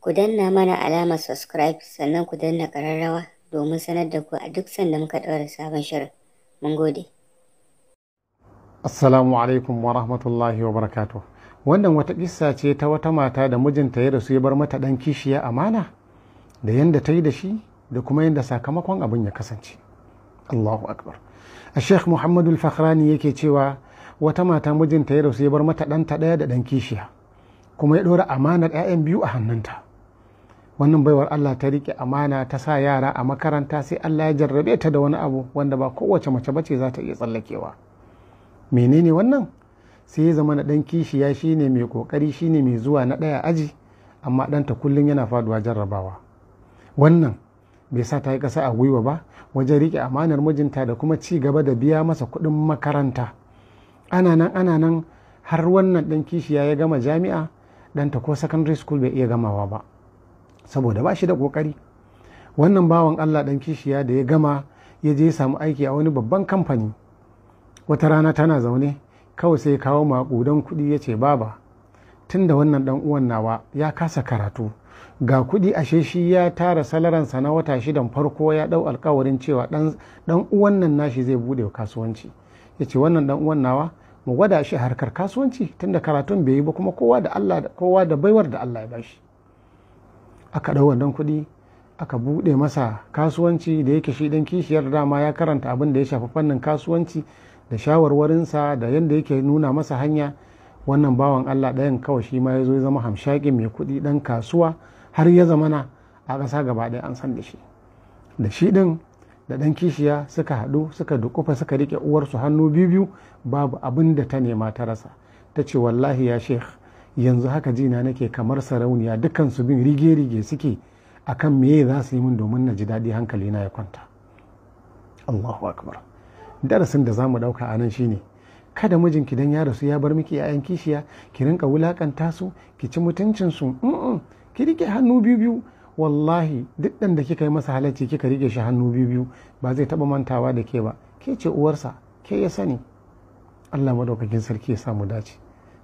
Ku danna mana alamar subscribe sannan ku danna ƙararrawa domin sanar da ku a duk sanda muka ɗaura sabon shirin. Mun gode. Assalamu alaikum wa rahmatullahi wa barakatu Wannan wata kissa ce ta wata mata da mijinta ya rasu ya bar mata ɗan kishiya amana da yanda ta yi da shi da kuma yanda sakamakon abin ya kasance. Allahu akbar. A Sheikh Muhammadu Fakhrani yake cewa wata mata mijinta ya rasu ya bar mata ɗanta ɗaya da ɗan kishiya kuma ya ɗora amanar 'ya'yan biyu a hannunta. wannan baiwar Allah ta rike amana ta sa yara a makaranta sai Allah ya jarrabe ta da wani abu wanda ba kowace mace bace za ta iya tsallakewa menene wannan sai ya zama na dan kishiya shine mai kokari shine mai zuwa na daya aji amma ɗanta kullun yana faduwa jarrabawa wannan bai sa ta yi kasa a gwiwa ba wajen rike amanar mijinta da kuma ci gaba da biya masa kuɗin makaranta ana nan ana nan har wannan ɗan kishiya ya gama jami'a ta ko secondary school bai iya gamawa ba saboda ba shi da kokari wannan bawan allah dan kishiya da ya gama ya je samu aiki a wani babban kamfani wata rana tana zaune kawai sai kawo makudan kuɗi ya ce baba tun da wannan dan uwan nawa ya kasa karatu ga kuɗi ashe shi ya tara salaransa na wata shidan farko ya ɗau alkawarin cewa dan uwan nan nashi zai buɗe kasuwanci ya ce wannan dan uwan nawa mu gwada shi harkar kasuwanci tunda karatun bai yi ba kuma kowa da kowa da baiwar da Allah ya bashi aka ɗau wannan kuɗi aka buɗe masa kasuwanci da yake shi ɗan kishiyar dama ya karanta abin da ya shafi fannin kasuwanci da shawarwarinsa da yadda yake nuna masa hanya wannan bawan allah ɗayan kawai shi ma ya zo ya zama hamshaƙi mai kuɗi ɗan kasuwa har ya zamana a ƙasa gaba ɗaya an san da shi da shi ɗin da ɗan kishiya suka haɗu suka dukufa suka riƙe uwarsu hannu biyu biyu babu abin da ta nema ta rasa ta ce wallahi ya sheikh yanzu haka jina nake kamar sarauniya dukkan su bin rige-rige suke akan meye za su yi min domin na ji daɗi hankali na ya kwanta Allahu akbar darasin da zamu ɗauka a nan shine kada mijinki dan ya rasu ya bar miki yayan kishiya ki rinka wulakanta su ki ci mutuncin su ki rike hannu biyu biyu wallahi duk dan da kika yi masa halacci kika rike shi hannu biyu biyu ba zai taba mantawa da ke ba ke ce uwarsa ke ya sani Allah madaukakin sarki ya samu dace